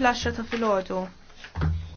fl-10 ta' filgħodu.